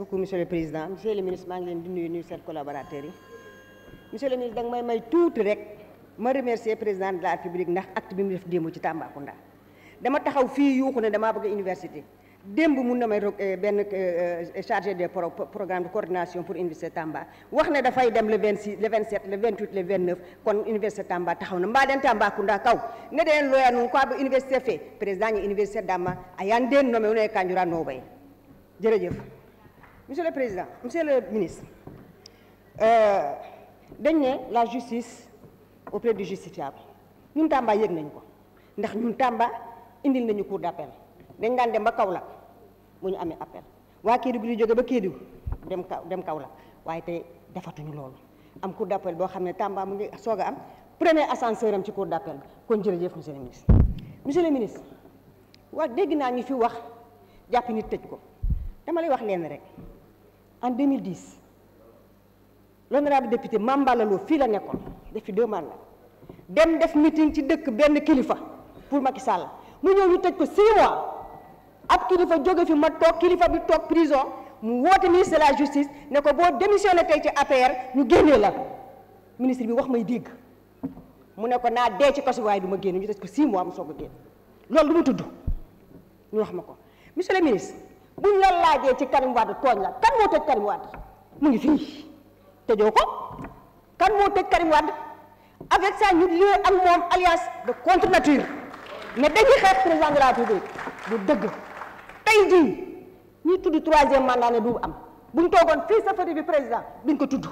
beaucoup monsieur le président monsieur le ministre maa ngi leen di nuyu nuyu seen collaborateurs yi monsieur le ministre may may tuuti rek ma remercier président de ndax acte bi mu def ci Tambacounda dama taxaw fii yuuxu ne damaa bëgg université démb mun na may eh, benn eh, eh, chargé des programme de coordination pour université Tamba wax ne dafay dem le 26 le 27 le 28 le 29 kon université Tamba taxaw na mbaa den Tambacounda kaw ne den loya nun quoi ba université fe président ñi université Damba ayan den noome wona e kanjura nooɓaye jërëjëf monsieur le président monsieur le ministre euh, la justice auprès du justiciable ñun Tamba pour nañ ko Nous ñun Tamba indil nañu cour d'appel dañ daan dem appel Nous ba dem Nous nous am d'appel Tamba premier ascenseur ci d'appel monsieur le ministre monsieur le ministre fi wax ko lay en 2010 l'honorable député Mambala Lo fii la nekkoon def fi deux mandats dem def meeting ci dëkk benn kilifa pour Macky Sall mu ñëw ñu tëj ko six mois ab kilifa jóge fi ma toog kilifa bi toog prison mu woote ministre de la justice ne ko boo démissionné tey ci APR ñu génnee la ministre bi wax may dégg mu ne ko naa dee ci kaso waaye du ma génn ñu tëj ko six mois mu soog a génn loolu du ma tudd ñu wax ma ko monsieur le ministre buñ la laajee ci Karim Wade tooñ la kan moo tëj Karim mu ngi fii tëjoo ko kan moo tëj Karim Wade avec ça ñu lié ak moom alliance de contre nature mais dañuy xeex président de la République du dëgg tey jii ñuy tudd troisième mandat ne du am buñ toogoon fii safari bi président duñ ko tudd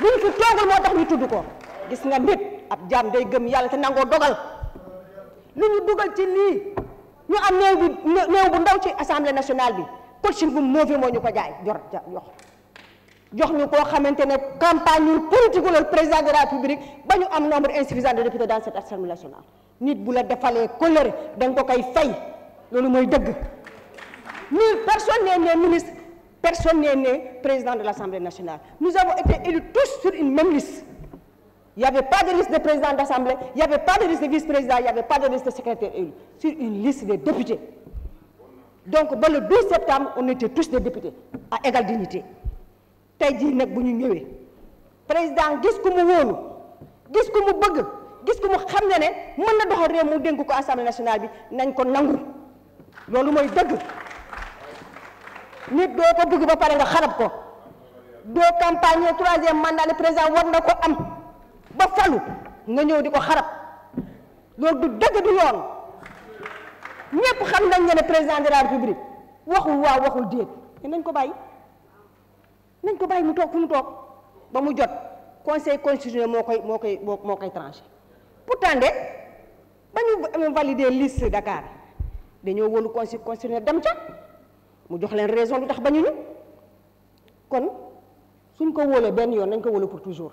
buñ fi toogul moo tax ñu tudd ko gis nga nit ab jaam day gëm yàlla te nangoo dogal lu ñu dugal ci lii Nous avons néew bi bu ndaw ci assemblée nationale bi coaching bu mauvais moo ñu ko jox jox ñu campagne politique politique le président de la république Nous avons un nombre insuffisant de députés dans cette assemblée nationale Nous bu la defalee colère da nga ko koy fay loolu Nous, personne n'est né ministre personne n'est né président de l'assemblée nationale nous avons été élus tous sur une même liste il n'y avait pas de liste de président d'assemblée, il n'y avait pas de liste de vice-président, il n'y avait pas de liste de secrétaire élu, sur une liste de députés. Donc, dans le 12 septembre, on était tous des députés, à égale dignité. Taïdi nek bu ñëwé président gis ku mu wolu gis ku mu bëgg gis ku xamné mën na doxal réew mu denk ko assemblée nationale bi nañ ko nangu lolu moy dëgg nit do ko bëgg ba paré nga xarab ko do campagne troisième mandat le président war na ko am ba falu nga ñëw di ko xarab loolu du dëgg du yoon que xam nañ président de la république waxul waaw waxul déet nañ ko bàyyi nañ ko bàyyi mu toog fu mu ba mu jot conseil constitutionnel moo koy moo koy moo koy pourtant de ba ñu valider liste Dakar dañoo wóolu conseil constitutionnel dem ca mu jox leen raison lu tax ba ñu ñu kon suñ ko wóolee benn yoon ko pour toujours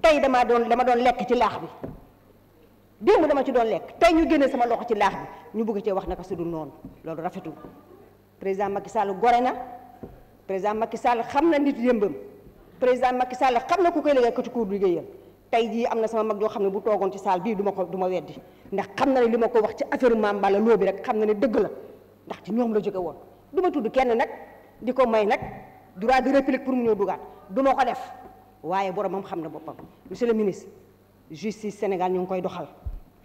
tey damaa doon dama doon lekk ci laax bi démb dama ci doon lekk tey ñu génne sama loxo ci laax bi ñu bëgg cee wax naka su du noonu loolu rafetul président Macky Sall gore na président Macky Sall xam na nit yëmbam président Macky Sall xam na ku koy liggéey kati kuur liggéeyam tey jii am na sama mag yoo xam ne bu toogoon ci saal bii du ko du ma weddi ndax xam na ne li ma ko wax ci affaire Mame Balla Lo bi rek xam na ne dëgg la ndax ci ñoom la jóge woon du ma tudd kenn nag di ko may nag droit de réplique pour mu ñëw dugaat du ma waaye boromam xam na boppam monsieur le ministre justice Sénégal ñu ngi koy doxal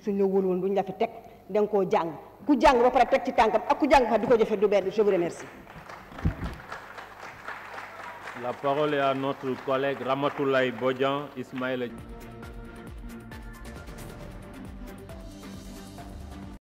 suñ la wóolu woon bu la fi teg da nga koo jàng ku jàng ba pare teg ci tànkam ak ku jàng fa di ko jëfe du benn je vous remercie. La parole est à notre collègue Ramatoulaye Bodian ismaïla